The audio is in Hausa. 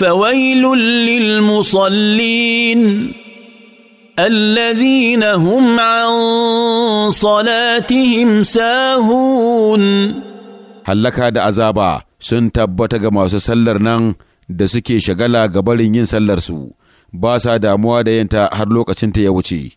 فويل للمصلين الذين هم عن صلاتهم ساهون hallaka da azaba sun tabbata ga masu sallar nan da suke shagala ga barin yin sallarsu ba sa damuwa da yinta har lokacin ta ya wuce